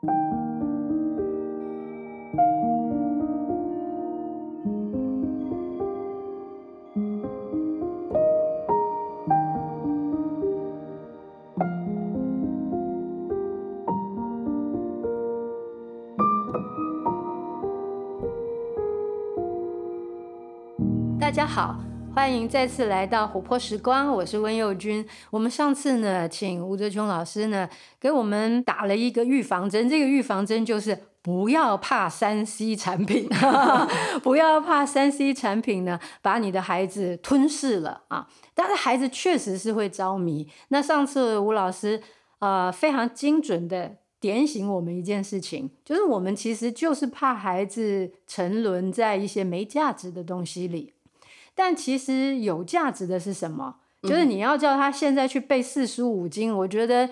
大家好。歡迎再次來到《琥珀時光》，我是溫佑君。我們上次呢，請吳澤瓊老師呢給我們打了一個預防針。這個預防針就是不要怕三 C 產品， 不要怕三 C 產品呢把你的孩子吞噬了啊！但是孩子確實是會着迷。那上次吳老師啊、呃，非常精準的點醒我們一件事情，就是我們其實就是怕孩子沉淪在一些沒價值的東西裡。但其實有價值的是什麼？就是你要叫他現在去背四書五經、嗯，我覺得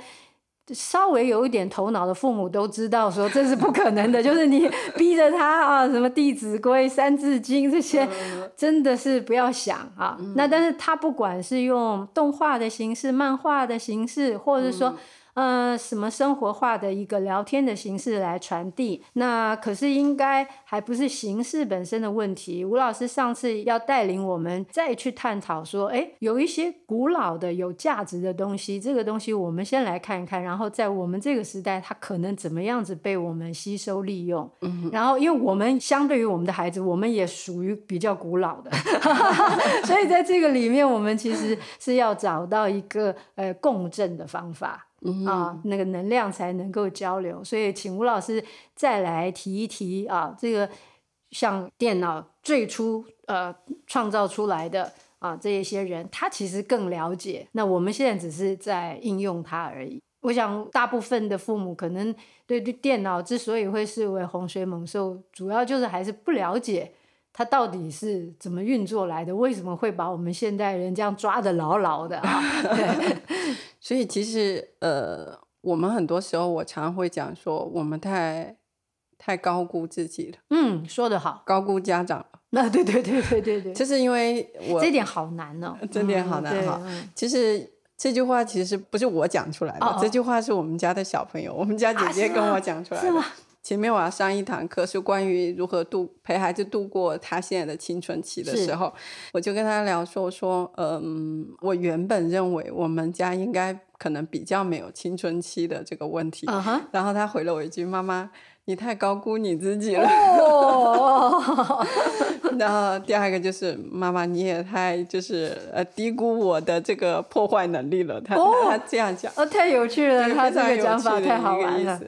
稍微有一點頭腦的父母都知道，說這是不可能的。 就是你逼着他啊，什麼《弟子規》《三字經》這些、嗯，真的是不要想啊。那但是他不管是用動畫的形式、漫畫的形式，或者說、嗯。呃，什麼生活化的一個聊天的形式來傳遞？那可是應該還不是形式本身的問題。吳老師上次要帶領我們再去探討說，誒，有一些古老的有價值的東西，這個東西我們先來看一看，然後在我們這個時代，它可能怎麼樣子被我們吸收利用。嗯，然後因為我們相對於我們的孩子，我們也屬於比較古老的，哈哈哈。所以在這個裡面，我們其實是要找到一個呃共振的方法。嗯、啊，那個能量才能夠交流，所以請吳老師再來提一提啊。這個像電腦最初呃創造出來的啊這一些人，他其實更了解。那我們現在只是在應用它而已。我想大部分的父母可能對對電腦之所以會視為洪水猛獸，主要就是還是不了解。他到底是怎麼運作來的？為什麼會把我們現代人這樣抓得牢牢的，啊？ 所以其實呃，我們很多時候我常會講說，我們太太高估自己了。嗯，說得好，高估家長。那、啊、對對對對對對，就是因為我這點好難哦。嗯、這點好難哦、嗯。其實這句話其實不是我講出來的、哦，這句話是我們家的小朋友，我們家姐姐，姐跟我講出來的。啊前面我要上一堂課，是關於如何度陪孩子度過他現在的青春期的時候，我就跟他聊說，我說，嗯，我原本認為我們家應該可能比較沒有青春期的這個問題，uh -huh. 然後他回了我一句，媽媽。你太高估你自己了、哦。哦哦、 然後第二個就是媽媽，你也太就是呃低估我的這個破壞能力了。他他這樣講，哦，太有趣了，他這個講法太好玩了。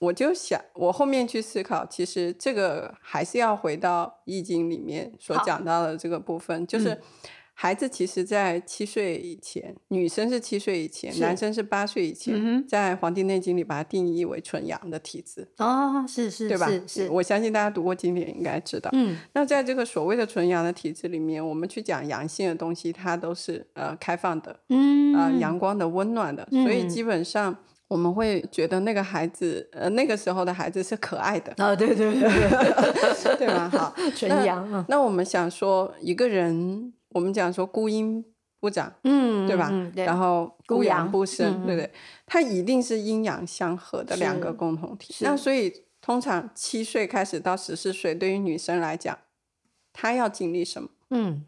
我就想，我後面去思考，其實這個還是要回到易經裡面所講到的這個部分，就是。孩子其實，在七歲以前，女生是七歲以前，男生是八歲以前，嗯、在《黃帝內經》裡把它定義為純陽的體質。哦，是是，是，對吧？是，是，我相信大家讀過經典應該知道。嗯，那在這個所謂的純陽的體質裡面，我們去講陽性的東西，它都是呃開放的，嗯啊、呃，陽光的、溫暖的、嗯，所以基本上我們會覺得那個孩子，呃，那個時候的孩子是可愛的。啊、哦，對對對，對， 對吧？好，純陽啊那。那我們想說一個人。我們講說孤陰不長，嗯，嗯，嗯，對吧？對，然後孤陽不生，對不對，對？它一定是陰陽相合的兩個共同體。那所以通常七歲開始到十四歲，對於女生來講，她要經歷什麼？嗯，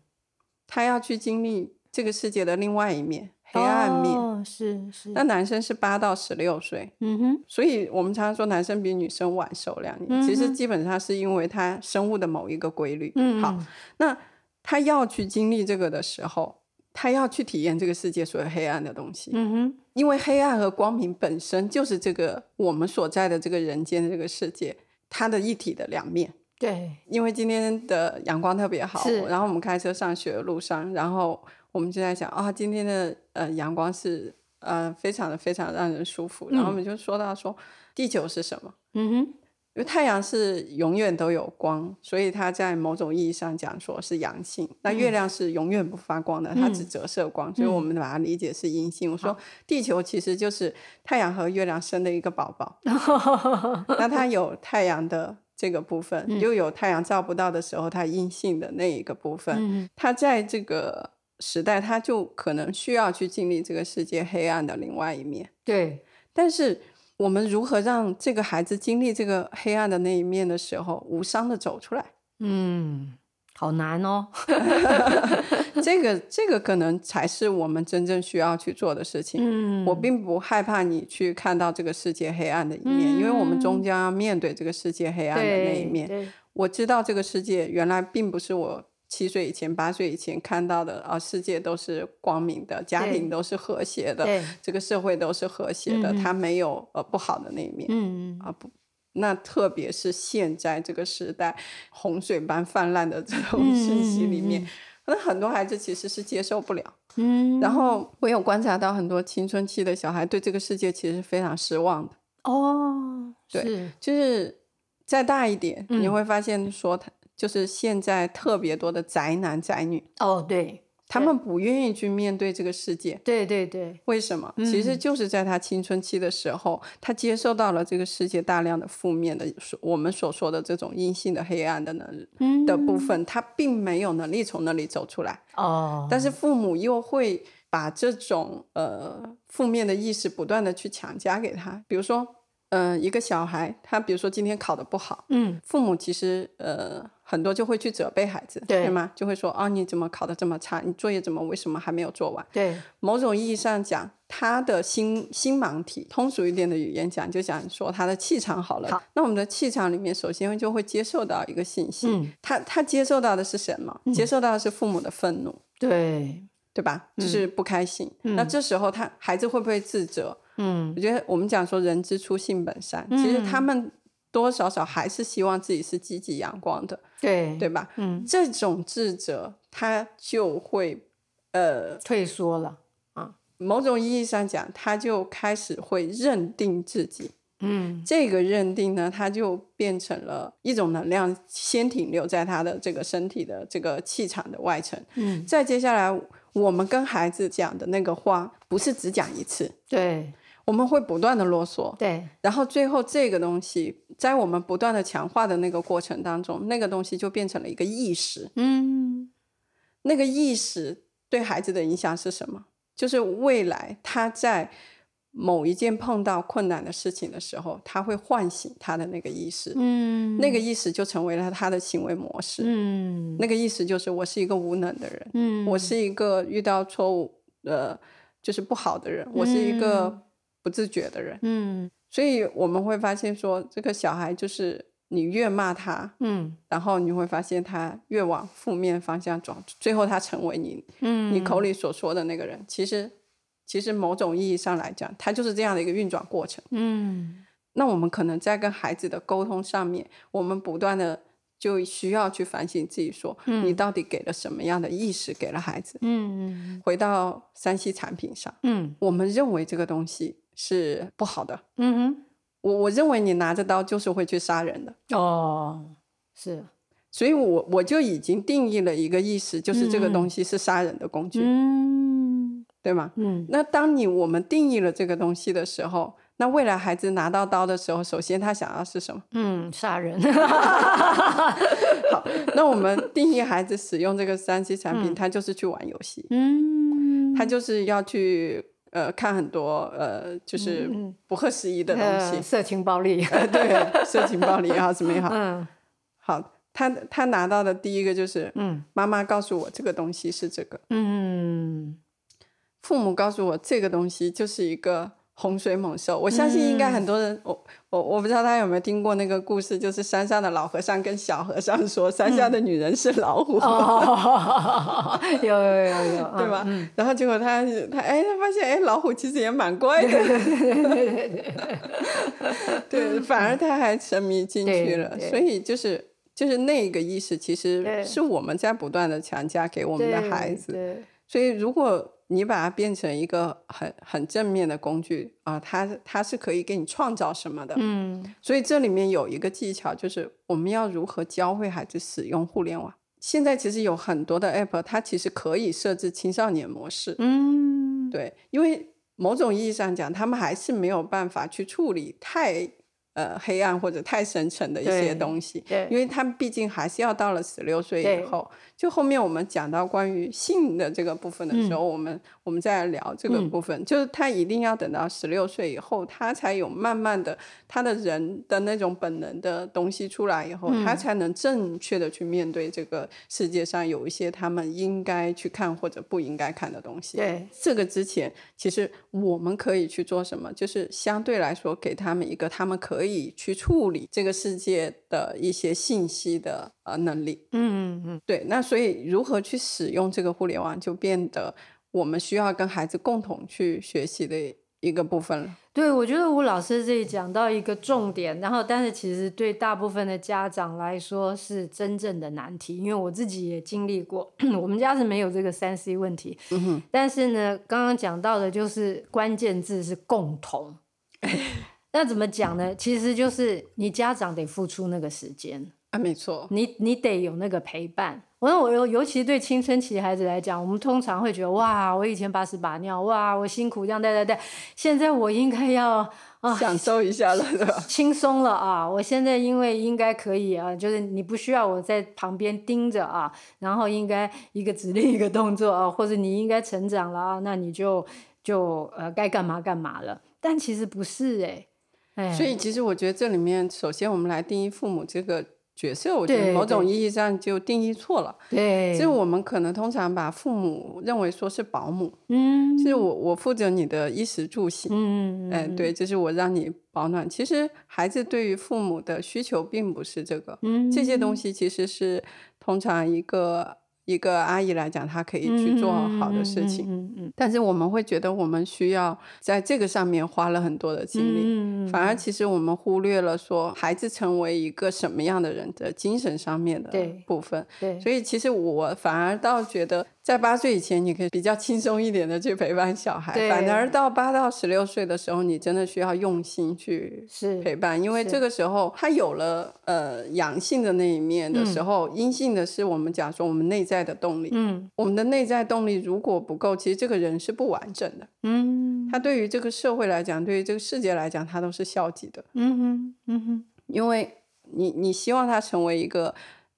她要去經歷這個世界的另外一面，哦、黑暗面。是是。那男生是八到十六歲，嗯哼。所以我們常常說男生比女生晚熟兩年，嗯，其實基本上是因為他生物的某一個規律。嗯，嗯。好，那。他要去經歷這個的時候，他要去體驗這個世界所有黑暗的東西。嗯哼，因為黑暗和光明本身就是這個我們所在的這個人間的這個世界，它的一體的兩面。對，因為今天的陽光特別好，然後我們開車上學的路上，然後我們就在想啊，今天的呃陽光是呃非常的非常讓人舒服、嗯，然後我們就說到說地球是什麼？嗯哼因為太陽是永遠都有光，所以它在某種意義上講說是陽性。那月亮是永遠不發光的，嗯、它只折射光，所、嗯、以我們把它理解是陰性、嗯。我說地球其實就是太陽和月亮生的一個寶寶，那它有太陽的這個部分，又 有太陽照不到的時候它陰性的那一個部分、嗯。它在這個時代，它就可能需要去經歷這個世界黑暗的另外一面。對，但是。我們如何讓這個孩子經歷這個黑暗的那一面的時候，無傷地走出來？嗯，好難哦。 這個這個可能才是我們真正需要去做的事情。嗯，我並不害怕你去看到這個世界黑暗的一面，嗯，因為我們終將要面對這個世界黑暗的那一面。我知道這個世界原來並不是我。七歲以前、八歲以前看到的啊，世界都是光明的，家庭都是和諧的，這個社會都是和諧的，他、嗯、沒有呃不好的那一面、嗯、啊不。那特別是現在這個時代，洪水般泛濫的這種信息裡面，那、嗯嗯嗯嗯、很多孩子其實是接受不了。嗯，然後我有觀察到很多青春期的小孩對這個世界其實是非常失望的。哦，對，是就是再大一點、嗯，你會發現說他。就是現在特別多的宅男宅女哦，oh, 對他們不願意去面對這個世界，對對對，為什麼？其實就是在他青春期的時候、嗯，他接受到了這個世界大量的負面的，所我們所說的這種陰性的、黑暗的能、嗯、的部分，他並沒有能力從那裡走出來哦。Oh. 但是父母又會把這種呃負面的意識不斷地去強加給他，比如說。嗯、呃，一個小孩，他比如說今天考得不好，嗯，父母其實呃很多就會去責備孩子，對，對嗎？就會說啊，哦，你怎麼考得這麼差？你作業怎麼為什麼還沒有做完？對，某種意義上講，他的心心盲體，通俗一點的語言講，就講說他的氣場好了。好，那我們的氣場裡面，首先就會接受到一個信息，嗯，他他接受到的是什麼，嗯？接受到的是父母的憤怒，對對吧？就是不開心。嗯，那這時候他，他孩子會不會自責？嗯，我覺得我們講說人之初性本善、嗯，其實他們多少少還是希望自己是積極陽光的，對對吧、嗯？這種自責他就會呃退縮了。某種意義上講，他就開始會認定自己，嗯，這個認定呢，他就變成了一種能量，先停留在他的這個身體的這個氣場的外層，嗯。再接下來，我們跟孩子講的那個話，不是只講一次，對。我們會不斷的囉嗦，對，然後最後這個東西在我們不斷的強化的那個過程當中，那個東西就變成了一個意識，嗯，那個意識對孩子的影響是什麼？就是未來他在某一件碰到困難的事情的時候，他會喚醒他的那個意識，嗯，那個意識就成為了他的行為模式，嗯，那個意識就是我是一個無能的人，嗯，我是一個遇到錯誤的，就是不好的人，嗯，我是一個。不自覺的人，嗯，所以我們會發現說，這個小孩就是你越罵他，嗯，然後你會發現他越往負面方向轉，最後他成為你，嗯，你口裡所說的那個人。其實，其實某種意義上來講，他就是這樣的一個運轉過程，嗯。那我們可能在跟孩子的溝通上面，我們不斷的就需要去反省自己說，說，嗯，你到底給了什麼樣的意識給了孩子？嗯，回到 3C 產品上，嗯，我們認為這個東西。是不好的，嗯嗯，我我認為你拿着刀就是會去殺人的哦，是，所以我我就已經定義了一個意思，就是這個東西是殺人的工具，嗯，對嗎？嗯，那當你我們定義了這個東西的時候，那未來孩子拿到刀的時候，首先他想要是什麼？嗯，殺人。 好，那我們定義孩子使用這個三 C 產品，嗯，他就是去玩遊戲，嗯，他就是要去。呃，看很多呃，就是不合時宜的東西、嗯，色情暴力、呃，對，色情暴力也好， 什麼也好。嗯、好，他他拿到的第一個就是，嗯，媽媽告訴我這個東西是這個，嗯，父母告訴我這個東西就是一個。洪水猛獸，我相信應該很多人，嗯、我我我不知道大家有沒有聽過那個故事，就是山上的老和尚跟小和尚說，山下的女人是老虎。嗯、哦、 有有有有，對吧？然後結果他他哎、欸，他發現哎、欸，老虎其實也蠻乖的，對，對，對，對， 對，反而他還沉迷進去了對對對，所以就是就是那個意識，其實是我們在不斷的強加給我們的孩子，對對對所以如果。你把它變成一個很很正面的工具啊，呃，它它是可以給你創造什麼的，嗯，所以這裡面有一個技巧，就是我們要如何教會孩子使用互聯網。現在其實有很多的 app，它其實可以設置青少年模式，嗯，對，因為某種意義上講，他們還是沒有辦法去處理太。呃，黑暗或者太深沉的一些東西，對，對。因為他畢竟還是要到了十六歲以後，就後面我們講到關於性的這個部分的時候，嗯、我們我們再來聊這個部分，嗯、就是他一定要等到十六歲以後，他才有慢慢的他的人的那種本能的東西出來以後、嗯，他才能正確的去面對這個世界上有一些他們應該去看或者不應該看的東西。對，這個之前其實我們可以去做什麼？就是相對來說給他們一個他們可以。可以去處理這個世界的一些信息的能力，嗯嗯，嗯，對。那所以如何去使用這個互聯網，就變得我們需要跟孩子共同去學習的一個部分了。對，我覺得吳老師這裡講到一個重點，然後但是其實對大部分的家長來說是真正的難題，因為我自己也經歷過， 我們家是沒有這個三 C 問題，嗯哼。但是呢，剛剛講到的就是關鍵字是共同。 那怎麼講呢？其實就是你家長得付出那個時間啊，沒錯，你你得有那個陪伴。我說我尤尤其對青春期孩子來講，我們通常會覺得哇，我以前把屎把尿，哇，我辛苦這樣帶帶帶，現在我應該要啊享受一下了，對吧？輕鬆了啊！我現在因為應該可以啊，就是你不需要我在旁邊盯着啊，然後應該一個指令一個動作啊，或者你應該成長了啊，那你就就呃該幹嘛幹嘛了。但其實不是誒、欸。所以，其實我覺得這裡面，首先我們來定義父母這個角色，我覺得某種意義上就定義錯了。對，就是我們可能通常把父母認為說是保姆，嗯，就是我我負責你的衣食住行，嗯，對，對，對，就是我讓你保暖。其實孩子對於父母的需求並不是這個，這些東西其實是通常一個。一個阿姨來講，她可以去做好的事情嗯嗯嗯嗯嗯嗯，但是我們會覺得我們需要在這個上面花了很多的精力嗯嗯嗯，反而其實我們忽略了說孩子成為一個什麼樣的人的精神上面的部分。對，所以其實我反而倒覺得。在八歲以前，你可以比較輕鬆一點的去陪伴小孩，反而到八到十六歲的時候，你真的需要用心去陪伴，因為這個時候他有了呃陽性的那一面的時候，嗯，陰性的是我們講說我們內在的動力，嗯、我們的內在動力如果不夠，其實這個人是不完整的，嗯，他對於這個社會來講，對於這個世界來講，他都是消極的，嗯哼，嗯哼，因為你你希望他成為一個。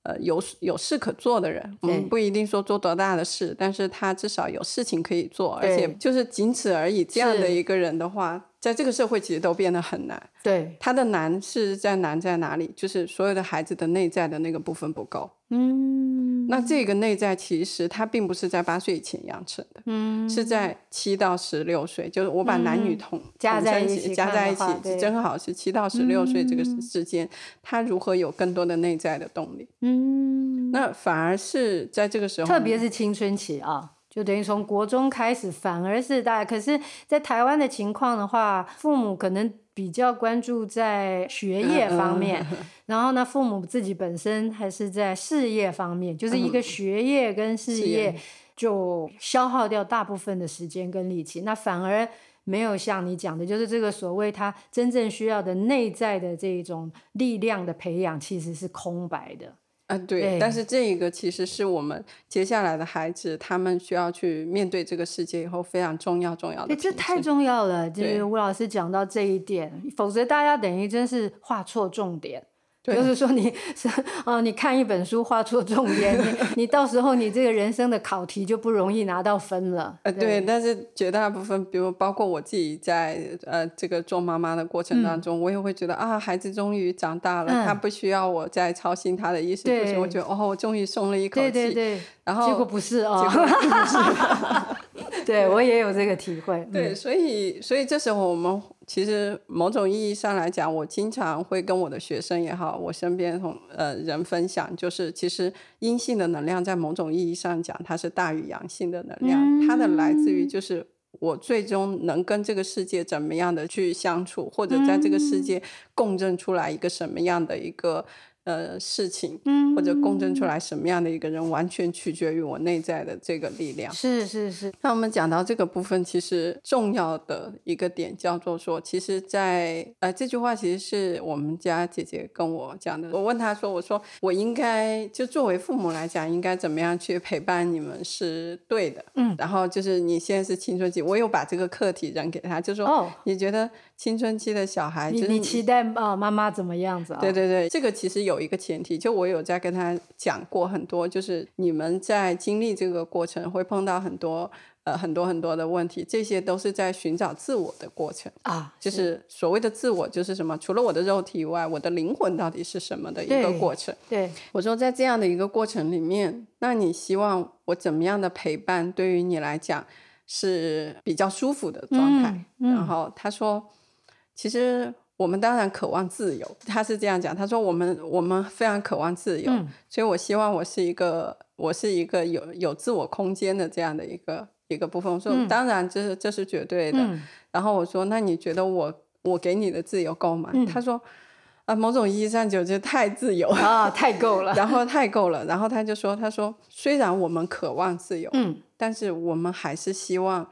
呃，有有事可做的人，我們不一定說做多大的事，但是他至少有事情可以做，而且就是僅此而已，這樣的一個人的話。在這個社會，其實都變得很難。對，他的難是在難在哪裡？就是所有的孩子的內在的那個部分不夠。嗯，那這個內在其實他並不是在八歲以前養成的，嗯，是在七到十六歲，就是我把男女同,、嗯、同加在一起，加在一起，正好是七到十六歲這個時間，他、嗯、如何有更多的內在的動力？嗯，那反而是在這個時候，特別是青春期啊。就等於從國中開始，反而是大。可是，在台灣的情況的話，父母可能比較關注在學業方面，嗯嗯，然後呢，父母自己本身還是在事業方面，就是一個學業跟事業就消耗掉大部分的時間跟力氣，嗯，那反而沒有像你講的，就是這個所謂他真正需要的內在的這一種力量的培養，其實是空白的。啊、呃，對，但是這一個其實是我們接下來的孩子，他們需要去面對這個世界以後非常重要重要的。哎，這太重要了，就是吳老師講到這一點，否則大家等於真是畫錯重點。就是說你是啊、哦，你看一本書畫錯重點，你你到時候你這個人生的考題就不容易拿到分了。呃，對，但是絕大部分，比如包括我自己在呃這個做媽媽的過程當中，嗯、我也會覺得啊，孩子終於長大了、嗯，他不需要我再操心他的衣食住、嗯、行，我覺得哦，我終於鬆了一口氣。對對對，對。然後結果不是啊、哦。結果不是哦、 對，我也有這個體會。嗯、對，所以所以這時候我們。其實，某種意義上來講，我經常會跟我的學生也好，我身邊同呃人分享，就是其實陰性的能量，在某種意義上講，它是大於陽性的能量，它的來自於就是我最終能跟這個世界怎麼樣的去相處，或者在這個世界共振出來一個什麼樣的一個。呃，事情，嗯，或者共振出來什麼樣的一個人，完全取決於我內在的這個力量。是是是。那我們講到這個部分，其實重要的一個點叫做說，其實在，在呃，這句話其實是我們家姐姐跟我講的。我問她說，我說我應該就作為父母來講，應該怎麼樣去陪伴你們是對的。嗯。然後就是你現在是青春期，我有把這個課題扔給她，就說，哦，你覺得？青春期的小孩，子，就是，你期待啊、哦、媽媽怎麼樣子啊、哦？對對對，這個其實有一個前提，就我有在跟他講過很多，就是你們在經歷這個過程會碰到很多呃很多很多的問題，這些都是在尋找自我的過程啊，就是所謂的自我就是什麼是？除了我的肉體以外，我的靈魂到底是什麼的一個過程？對，對我說在這樣的一個過程裡面，那你希望我怎麼樣的陪伴，對於你來講是比較舒服的狀態？嗯嗯、然後他說。其實我們當然渴望自由，他是這樣講。他說：“我們我們非常渴望自由、嗯，所以我希望我是一個我是一個有有自我空間的這樣的一個一個部分。說”說、嗯：“當然這是，這這是絕對的。嗯”然後我說：“那你覺得我我給你的自由夠嗎？”嗯、他說：“啊、呃，某種意義上講，就覺得太自由了啊，太夠了， 然後太夠了。”然後他就說：“他說雖然我們渴望自由，嗯、但是我們還是希望。”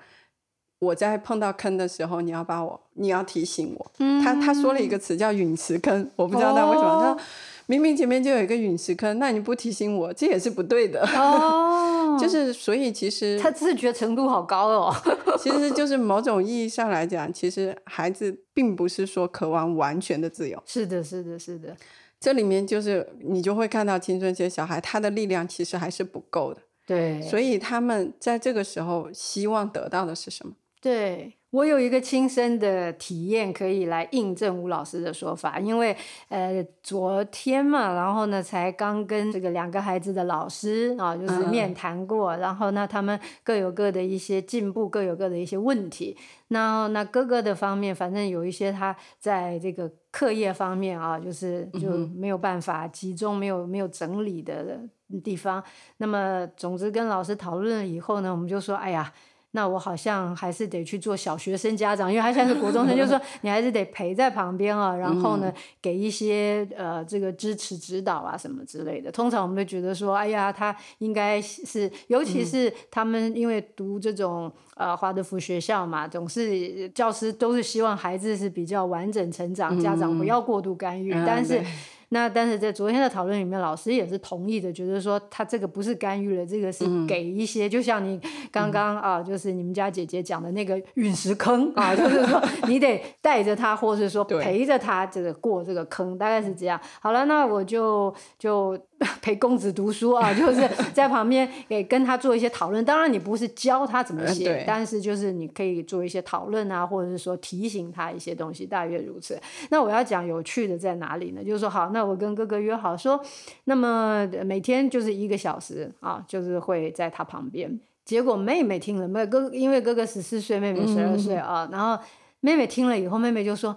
我在碰到坑的時候，你要把我，你要提醒我。嗯、他他說了一個詞叫“隕石坑”，我不知道他為什麼。哦、他明明前面就有一個隕石坑，那你不提醒我，這也是不對的。哦、 就是所以其實他自覺程度好高哦。 其實就是某種意義上來講，其實孩子並不是說渴望完全的自由。是的，是的，是的。這裡面就是你就會看到青春期的小孩，他的力量其實還是不夠的。對，所以他們在這個時候希望得到的是什麼？對，我有一個親身的體驗，可以來印證吳老師的說法，因為呃，昨天嘛，然後呢，才剛跟這個兩個孩子的老師啊，就是面談過，嗯、然後呢，他們各有各的一些進步，各有各的一些問題。那那哥哥的方面，反正有一些他在這個課業方面啊，就是就沒有辦法、嗯哼、集中，沒有沒有整理的地方。那麼，總之跟老師討論了以後呢，我們就說，哎呀。那我好像還是得去做小學生家長，因為他現在是國中生， 就是說你還是得陪在旁邊啊，然後呢給一些呃這個支持指導啊什麼之類的。通常我們都覺得說，哎呀，他應該是，尤其是他們因為讀這種呃華德福學校嘛，總是教師都是希望孩子是比較完整成長，家長不要過度干預，嗯、但是。嗯嗯那但是，在昨天的討論裡面，老師也是同意的，覺得說他這個不是干預了，這個是給一些，嗯、就像你剛剛啊、嗯，就是你們家姐姐講的那個隕石坑啊，就是說你得帶着他， 或是說陪着他，這個過這個坑，大概是這樣。好了，那我就就陪公子讀書啊，就是在旁邊給跟他做一些討論。當然你不是教他怎麼寫、嗯，但是就是你可以做一些討論啊，或者是說提醒他一些東西，大約如此。那我要講有趣的在哪裡呢？就是說好那。我跟哥哥約好說，那麼每天就是一個小時啊，就是會在他旁邊。結果妹妹聽了，妹哥因為哥哥十四歲，妹妹十二歲、嗯、啊，然後妹妹聽了以後，妹妹就說：“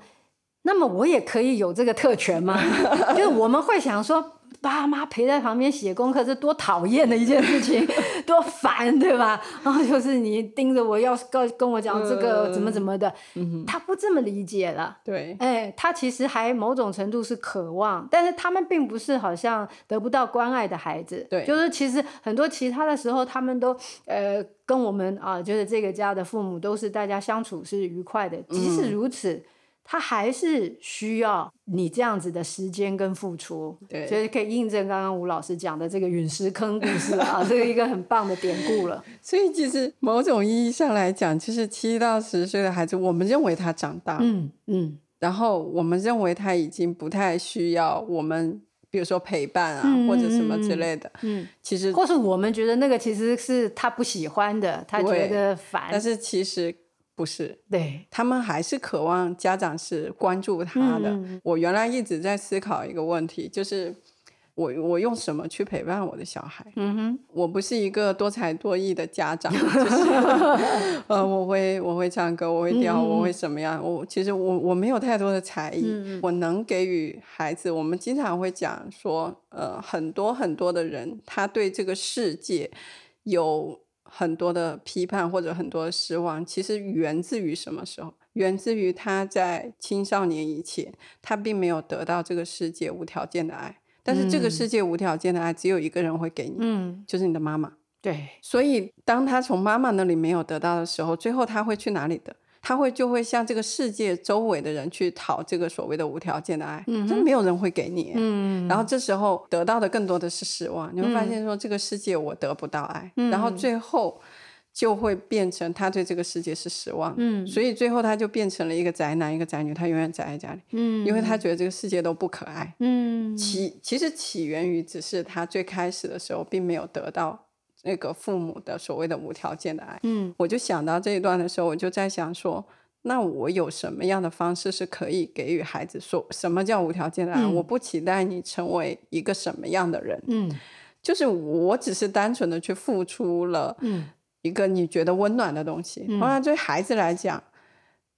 那麼我也可以有這個特權嗎？” 就是我們會想說。爸媽陪在旁邊寫功課是多討厭的一件事情， 多煩，對吧？然、哦、後就是你盯着我，要告跟我講這個怎麼怎麼的、呃嗯，他不這麼理解了。對，哎、欸，他其實還某種程度是渴望，但是他們並不是好像得不到關愛的孩子。對，就是其實很多其他的時候，他們都呃跟我們啊，就是這個家的父母都是大家相處是愉快的，即使如此。嗯他還是需要你這樣子的時間跟付出，對，所以可以印證剛剛吳老師講的這個隕石坑故事啊， 這個一個很棒的典故了。所以其實某種意義上來講，其實七到十歲的孩子，我們認為他長大，嗯嗯，然後我們認為他已經不太需要我們，比如說陪伴啊、嗯、或者什麼之類的，嗯，嗯其實或是我們覺得那個其實是他不喜歡的，他覺得煩，但是其實。不是，對他們還是渴望家長是關注他的、嗯。我原來一直在思考一個問題，就是我我用什麼去陪伴我的小孩？嗯哼，我不是一個多才多藝的家長，就是 呃，我會我會唱歌，我會跳，我會什麼樣？嗯、我其實我我沒有太多的才藝、嗯，我能給予孩子。我們經常會講說，呃，很多很多的人，他對這個世界有。很多的批判或者很多的失望，其實源自於什麼時候？源自於他在青少年以前，他並沒有得到這個世界無條件的愛。但是這個世界無條件的愛，只有一個人會給你，嗯，就是你的媽媽。嗯，對，所以當他從媽媽那裡沒有得到的時候，最後他會去哪裡的？他會就會向這個世界周圍的人去討這個所謂的無條件的愛，嗯，真沒有人會給你，嗯，然後這時候得到的更多的是失望。你會發現說這個世界我得不到愛，嗯，然後最後就會變成他對這個世界是失望，嗯，所以最後他就變成了一個宅男，一個宅女，他永遠宅在家裡，嗯，因為他覺得這個世界都不可愛，嗯，起其,其實起源於只是他最開始的時候並沒有得到。那個父母的所謂的無條件的愛，嗯，我就想到這一段的時候，我就在想說，那我有什麼樣的方式是可以給予孩子說什麼叫無條件的愛？嗯，我不期待你成為一個什麼樣的人，嗯，就是我只是單純的去付出了，一個你覺得溫暖的東西。當然，嗯，對孩子來講，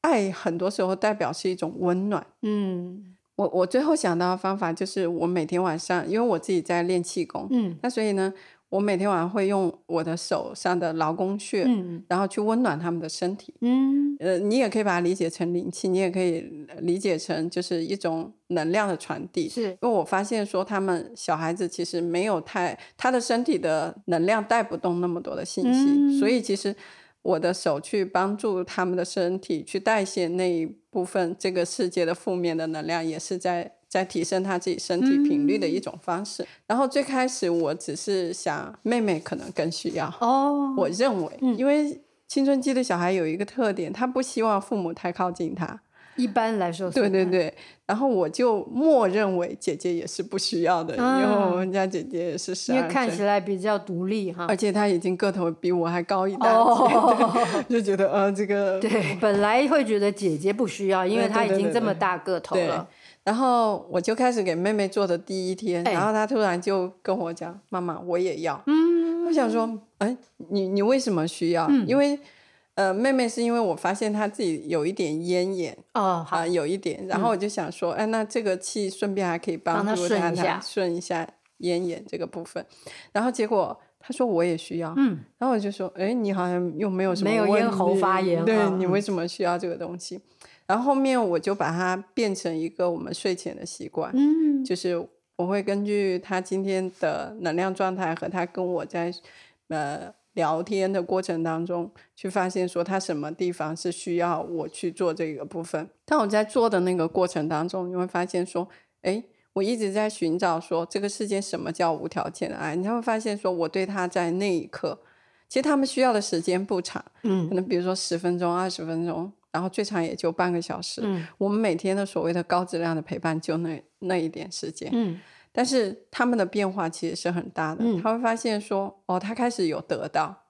愛很多時候代表是一種溫暖，嗯。我我最後想到的方法就是，我每天晚上，因為我自己在練氣功，嗯，那所以呢。我每天晚上會用我的手上的勞宮穴，嗯，然後去溫暖他們的身體。嗯，呃，你也可以把它理解成靈氣，你也可以理解成就是一種能量的傳遞。是，因為我發現說他們小孩子其實沒有太他的身體的能量帶不動那麼多的信息，嗯，所以其實我的手去幫助他們的身體去代謝那一部分這個世界的負面的能量，也是在。在提升他自己身體頻率的一種方式。嗯、然後最開始我只是想，妹妹可能更需要哦。我認為、嗯，因為青春期的小孩有一個特點，他不希望父母太靠近他。一般來說是，對對對。然後我就默認為姐姐也是不需要的，因、嗯、為我們家姐姐也是十二歲，因為看起來比較獨立哈。而且她已經個頭比我還高一大截，哦、 就覺得啊、呃，這個對， 本來會覺得姐姐不需要，因為她已經這麼大個頭了。對對對對對對然後我就開始給妹妹做的第一天、哎，然後她突然就跟我講：“媽媽，我也要。”嗯，我想說，哎，你你為什麼需要、嗯？因為，呃，妹妹是因為我發現她自己有一點咽炎哦，好、啊，有一點。然後我就想說，哎、嗯，那這個氣順便還可以幫助她，幫她順一下，她順一下咽炎這個部分。然後結果她說我也需要，嗯。然後我就說，哎，你好像又沒有什麼沒有咽喉發炎，對、嗯，你為什麼需要這個東西？然後後面我就把它變成一個我們睡前的習慣，嗯，就是我會根據他今天的能量狀態和他跟我在呃聊天的過程當中去發現說他什麼地方是需要我去做這個部分。但我在做的那個過程當中，你會發現說，哎，我一直在尋找說這個世界什麼叫無條件的愛。你會發現說，我對他在那一刻，其實他們需要的時間不長，嗯，可能比如說十分鐘、二、嗯、十分鐘。然後最長也就半個小時，嗯，我們每天的所謂的高質量的陪伴就那那一點時間，嗯，但是他們的變化其實是很大的，嗯。他會發現說，哦，他開始有得到，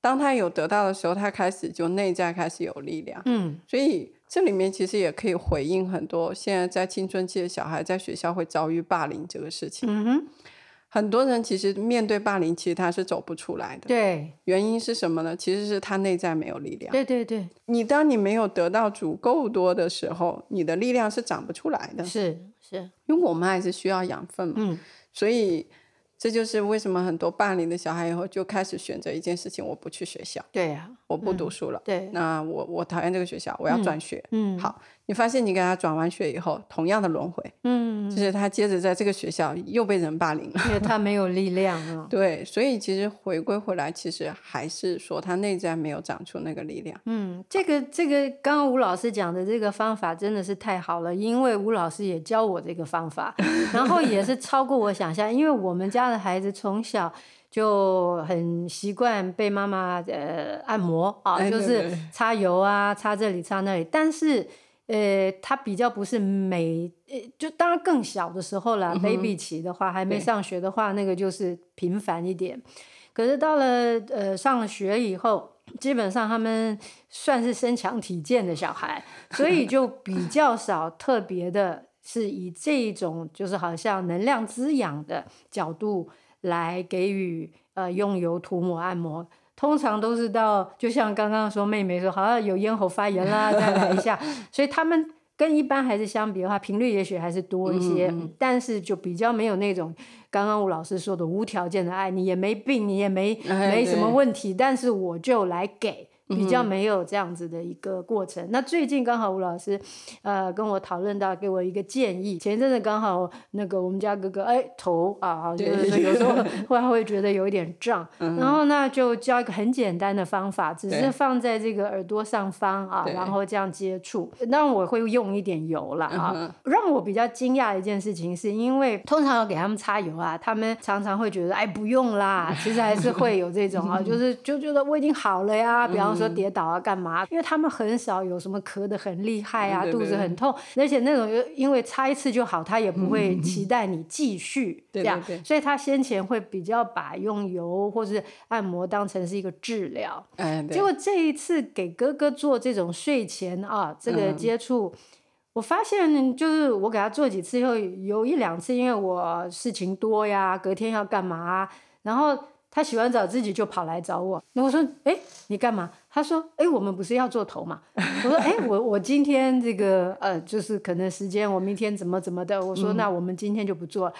當他有得到的時候，他開始就內在開始有力量。嗯，所以這裡面其實也可以回應很多現在在青春期的小孩在學校會遭遇霸凌這個事情。嗯哼很多人其實面對霸凌，其實他是走不出來的。對，原因是什麼呢？其實是他內在沒有力量。對對對，你當你沒有得到足夠多的時候，你的力量是長不出來的。是是，因為我們還是需要養分嘛。嗯，所以這就是為什麼很多霸凌的小孩以後就開始選擇一件事情：我不去學校。對呀、啊，我不讀書了。對、嗯，那我我討厭這個學校，我要轉學。嗯，嗯，好。你發現你給他轉完學以後，同樣的輪迴，嗯，就是他接着在這個學校又被人霸凌了，因為他沒有力量啊。 對，所以其實回歸回來，其實還是說他內在沒有長出那個力量。嗯，這個這個，剛剛吳老師講的這個方法真的是太好了，因為吳老師也教我這個方法，然後也是超過我想象， 因為我們家的孩子從小就很習慣被媽媽呃按摩啊，嗯，哦，就是擦油啊，擦這裡擦那裡，但是。呃，他比較不是每呃，就當然更小的時候啦，嗯，baby 期的話，還沒上學的話，那個就是頻繁一點。可是到了呃上了學以後，基本上他們算是身強體健的小孩，所以就比較少特別的，是以這一種就是好像能量滋養的角度來給予呃用油塗抹按摩。通常都是到，就像剛剛說，妹妹說好像、啊、有咽喉發炎啦，再來一下。 所以他們跟一般孩子相比的話，頻率也許還是多一些、嗯，但是就比較沒有那種剛剛吳老師說的無條件的愛你，也沒病，你也沒沒什麼問題、哎，但是我就來給。比較沒有這樣子的一個過程。嗯、那最近剛好吳老師，呃，跟我討論到，給我一個建議。前一陣子剛好那個我們家哥哥，哎、欸，頭啊，就是有時候會會覺得有一點脹、嗯，然後那就教一個很簡單的方法，只是放在這個耳朵上方啊，然後這樣接觸。那我會用一點油啦，啊。讓我比較驚訝的一件事情，是因為通常要給他們擦油啊，他們常常會覺得哎、欸、不用啦，其實還是會有這種、嗯、啊，就是就覺得我已經好了呀，嗯、比方。說跌倒啊，幹嘛？因為他們很少有什麼咳得很厲害啊，嗯、對對對，肚子很痛，而且那種又因為擦一次就好，他也不會期待你繼續、嗯這樣，對對對。所以他先前會比較把用油或是按摩當成是一個治療。嗯、對、結果這一次給哥哥做這種睡前啊，這個接觸、嗯，我發現就是我給他做幾次以後，有一兩次因為我事情多呀，隔天要幹嘛、啊，然後。他洗完澡自己就跑來找我，那我說，哎、欸，你幹嘛？他說，哎、欸，我們不是要做頭嘛？ 我說，哎、欸，我我今天這個呃，就是可能時間，我明天怎麼怎麼的。我說，那我們今天就不做了。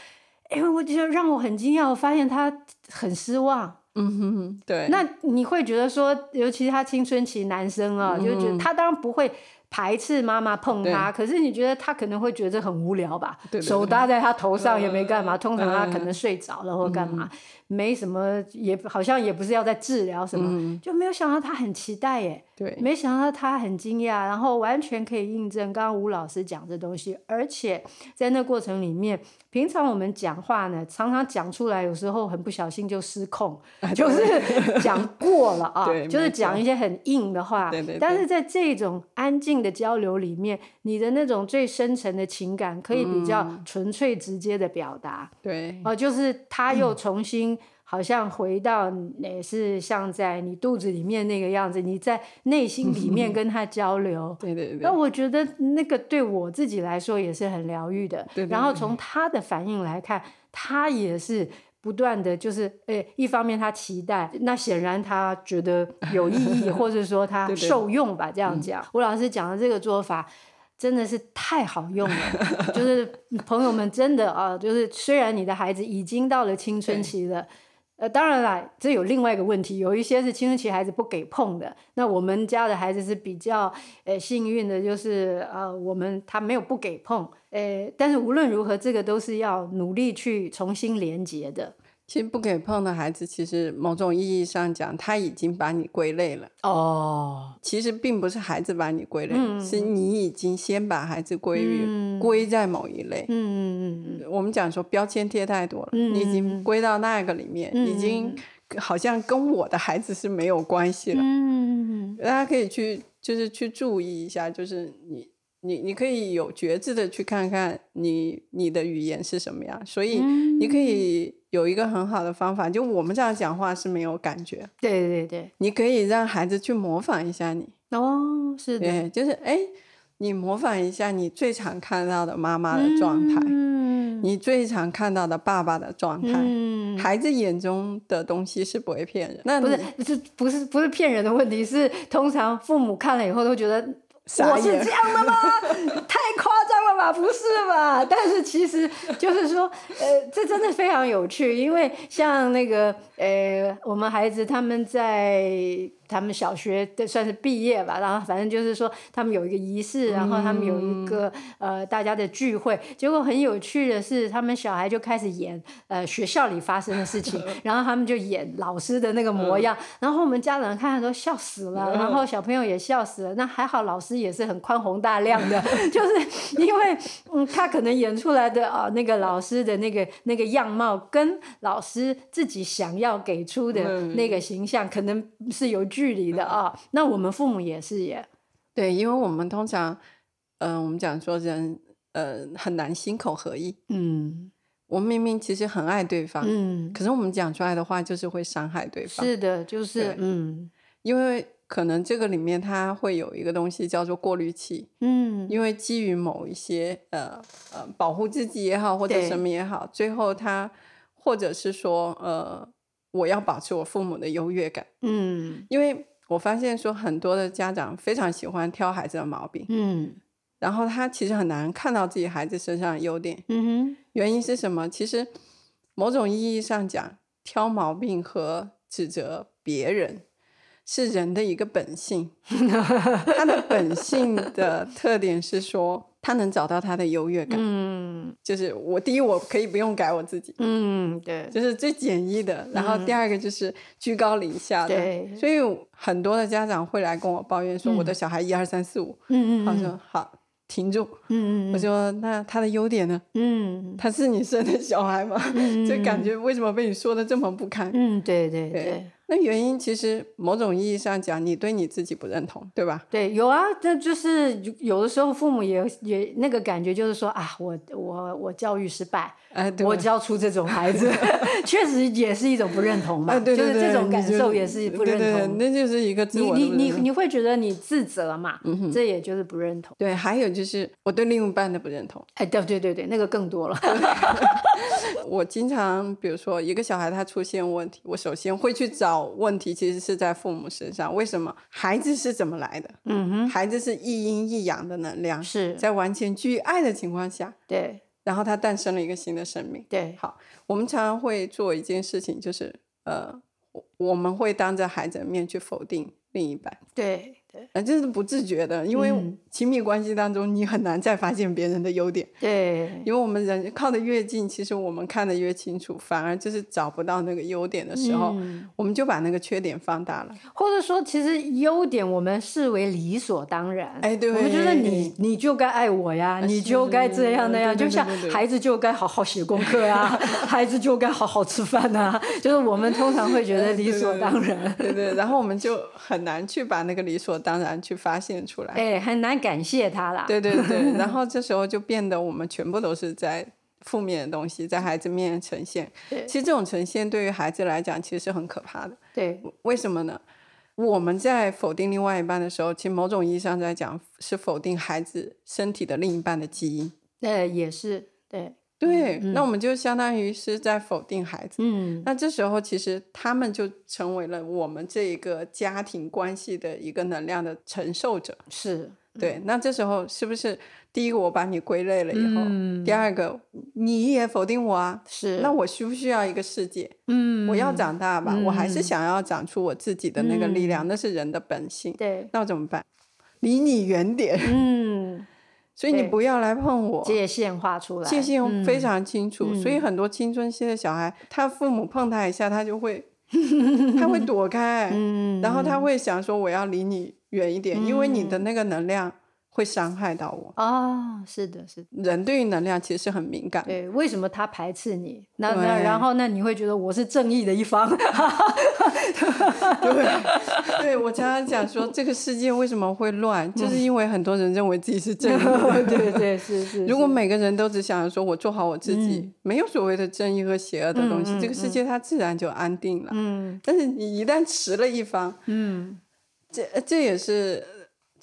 嗯，、欸、我覺得讓我很驚訝，我發現他很失望。嗯哼哼，對。那你會覺得說，尤其他青春期男生啊、喔嗯，就覺得他當然不會排斥媽媽碰他，可是你覺得他可能會覺得很無聊吧？對對對，手搭在他頭上也沒幹嘛、呃，通常他可能睡着了或幹嘛。嗯沒什麼，也好像也不是要在治療什麼，嗯嗯，就沒有想到他很期待耶。對，沒想到他很驚訝，然後完全可以印證剛剛吳老師講的東西，而且在那過程裡面，平常我們講話呢，常常講出來，有時候很不小心就失控， 就是講過了啊， 就是講一些很硬的話。但是在這種安靜的交流裡面，對對對，你的那種最深層的情感可以比較純粹、直接的表達。嗯、對、啊。就是他又重新、嗯。好像回到那是像在你肚子裡面那個樣子，你在內心裡面跟他交流。 對對對。那我覺得那個對我自己來說也是很療癒的。對對對。然後從他的反應來看，他也是不斷的，就是誒、欸，一方面他期待，那顯然他覺得有意義， 或者說他受用吧。對對對。這樣講，吳、嗯、老師講的這個做法真的是太好用了， 就是朋友們真的啊，就是雖然你的孩子已經到了青春期了。呃，當然啦，這有另外一個問題，有一些是青春期孩子不給碰的。那我們家的孩子是比較呃幸運的，就是啊、呃，我們他沒有不給碰。呃，但是無論如何，這個都是要努力去重新連接的。其實不給碰的孩子，其實某種意義上講，他已經把你歸類了。哦、oh.，其實並不是孩子把你歸類，嗯、是你已經先把孩子歸於、嗯、歸在某一類。嗯嗯嗯，我們講說標籤貼太多了，嗯、你已經歸到那個裡面、嗯，已經好像跟我的孩子是沒有關係了。嗯，大家可以去就是去注意一下，就是你。你你可以有覺知的去看看你你的語言是什麼樣。所以你可以有一個很好的方法，嗯、就我們這樣講話是沒有感覺。對對對對，你可以讓孩子去模仿一下你。哦，是的，對，就是誒，你模仿一下你最常看到的媽媽的狀態，嗯，你最常看到的爸爸的狀態，嗯，孩子眼中的東西是不會騙人。嗯、那不是，是不是不是騙人的問題？是通常父母看了以後都覺得。我是這樣的嗎？ 太誇張了吧，不是吧？但是其實就是說，呃，這真的非常有趣，因為像那個，呃，我們孩子他們在。他們小學的算是畢業吧，然後反正就是說他們有一個儀式，嗯、然後他們有一個呃大家的聚會。結果很有趣的是，他們小孩就開始演呃學校裡發生的事情， 然後他們就演老師的那個模樣，嗯、然後我們家長看都笑死了、嗯，然後小朋友也笑死了。那還好，老師也是很寬宏大量的， 就是因為嗯他可能演出來的啊、呃、那個老師的那個那個樣貌，跟老師自己想要給出的那個形象，嗯、可能是有。距離的啊、哦嗯，那我們父母也是耶。對，因為我們通常，嗯、呃，我們講說人，呃，很難心口合一。嗯，我們明明其實很愛對方，嗯，可是我們講出來的話就是會傷害對方。是的，就是，嗯，因為可能這個裡面它會有一個東西叫做過濾器，嗯，因為基於某一些，呃呃，保護自己也好，或者什麼也好，最後他或者是說，呃。我要保持我父母的優越感，嗯，因為我發現說很多的家長非常喜歡挑孩子的毛病，嗯，然後他其實很難看到自己孩子身上的優點，嗯哼，原因是什麼？其實某種意義上講，挑毛病和指責別人是人的一個本性，他 的本性的特點是說。他能找到他的優越感，嗯，就是我第一，我可以不用改我自己，嗯，對，就是最簡易的。嗯、然後第二個就是居高臨下的，對，所以很多的家長會來跟我抱怨說，我的小孩一二三四五，嗯，我說好，停住，嗯我說嗯那他的優點呢？嗯，他是你生的小孩嗎？ 就感覺為什麼被你說的這麼不堪？嗯，對對對。對那原因其實某種意義上講，你對你自己不認同，對吧？對，有啊，那就是有的時候父母也也那個感覺，就是說啊，我我我教育失敗。哎、我教出這種孩子， 確實也是一種不認同嘛，哎對對對。就是這種感受也是不認同，對對對，那就是一個自我。你你你，你會覺得你自責嘛？嗯哼，這也就是不認同。對，還有就是我對另一半的不認同。哎，對對對對，那個更多了。對對，我經常比如說一個小孩他出現問題，我首先會去找問題，其實是在父母身上。為什麼？孩子是怎麼來的？嗯哼，孩子是一陰一陽的能量，是、嗯、在完全具愛的情況下。對。然後他誕生了一個新的生命。對，好，我們常常會做一件事情，就是呃，我們會當着孩子的面去否定另一半。對。啊，就是不自覺的，因為親密關係當中，你很難再發現別人的優點。嗯。對，因為我們人靠得越近，其實我們看得越清楚，反而就是找不到那個優點的時候，嗯、我們就把那個缺點放大了。或者說，其實優點我們視為理所當然。哎，對，我們覺得你你就該愛我呀，你就該這樣那樣，就像孩子就該好好寫功課啊， 孩子就該好好吃飯啊，就是我們通常會覺得理所當然。對對，對，然後我們就很難去把那個理所。當然，去發現出來，誒，很難感謝他了。對對對，對，然後這時候就變得我們全部都是在負面的東西在孩子面前呈現。其實這種呈現對於孩子來講，其實是很可怕的。對，為什麼呢？我們在否定另外一半的時候，其實某種意義上在講是否定孩子身體的另一半的基因。那也是對。對、嗯，那我們就相當於是在否定孩子、嗯。那這時候其實他們就成為了我們這一個家庭關係的一個能量的承受者。是，嗯、對。那這時候是不是第一個我把你歸類了以後，嗯、第二個你也否定我啊？是。那我需不需要一個世界？嗯，我要長大吧，嗯、我還是想要長出我自己的那個力量、嗯，那是人的本性。對。那我怎麼辦？離你遠點。嗯。所以你不要來碰我，界限畫出來，界限非常清楚、嗯。所以很多青春期的小孩、嗯，他父母碰他一下，他就會， 他會躲開， 然後他會想說我要離你遠一點、嗯，因為你的那個能量。會傷害到我啊、哦！是的，是的。人對於能量其實是很敏感。對，為什麼他排斥你？那那，那然後那你會覺得我是正義的一方。 對，對我常常講說，這個世界為什麼會亂、嗯，就是因為很多人認為自己是正義的。嗯、 對，對對，是，是是。如果每個人都只想着說我做好我自己、嗯，沒有所謂的正義和邪惡的東西嗯嗯嗯，這個世界它自然就安定了。嗯。但是你一旦持了一方，嗯，這這也是。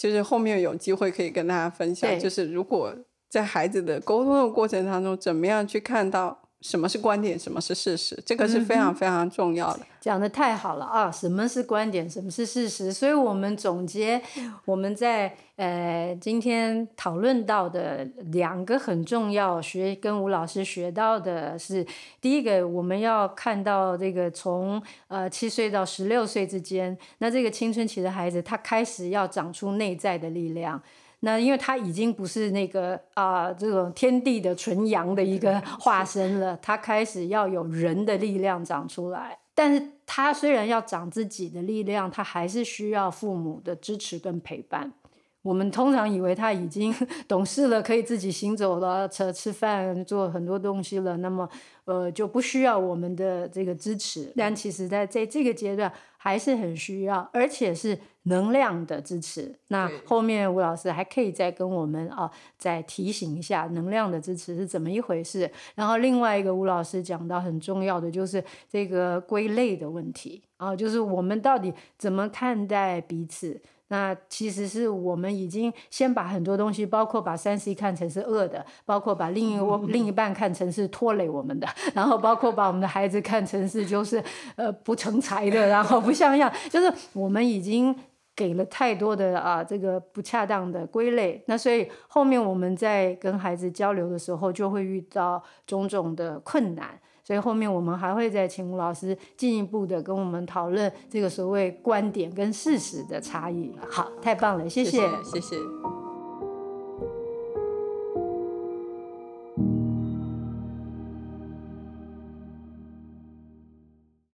就是後面有機會可以跟大家分享，就是如果在孩子的溝通的過程當中，怎麼樣去看到。什麼是觀點，什麼是事實？這個是非常非常重要的。嗯嗯。講得太好了啊！什麼是觀點，什麼是事實？所以我們總結，我們在呃今天討論到的兩個很重要，學跟吳老師學到的是，第一個，我們要看到這個從呃七歲到十六歲之間，那這個青春期的孩子，他開始要長出內在的力量。那因為他已經不是那個啊，呃，這種天地的純陽的一個化身了，他開始要有人的力量長出來。但是他雖然要長自己的力量，他還是需要父母的支持跟陪伴。我們通常以為他已經懂事了，可以自己行走了，吃吃飯，做很多東西了。那麼，呃，就不需要我們的這個支持。但其實，在在這個階段，還是很需要，而且是能量的支持。那後面吳老師還可以再跟我們啊、呃，再提醒一下能量的支持是怎麼一回事。然後另外一個吳老師講到很重要的就是這個歸類的問題啊、呃，就是我們到底怎麼看待彼此。那其實是我們已經先把很多東西，包括把 3C 看成是惡的，包括把另一另一半看成是拖累我們的，然後包括把我們的孩子看成是就是呃不成才的，然後不像樣，就是我們已經給了太多的啊這個不恰當的歸類，那所以後面我們在跟孩子交流的時候就會遇到種種的困難。所以後面我們還會再請吳老師進一步的跟我們討論這個所謂觀點跟事實的差異。好，太棒了，謝謝，謝謝。謝謝。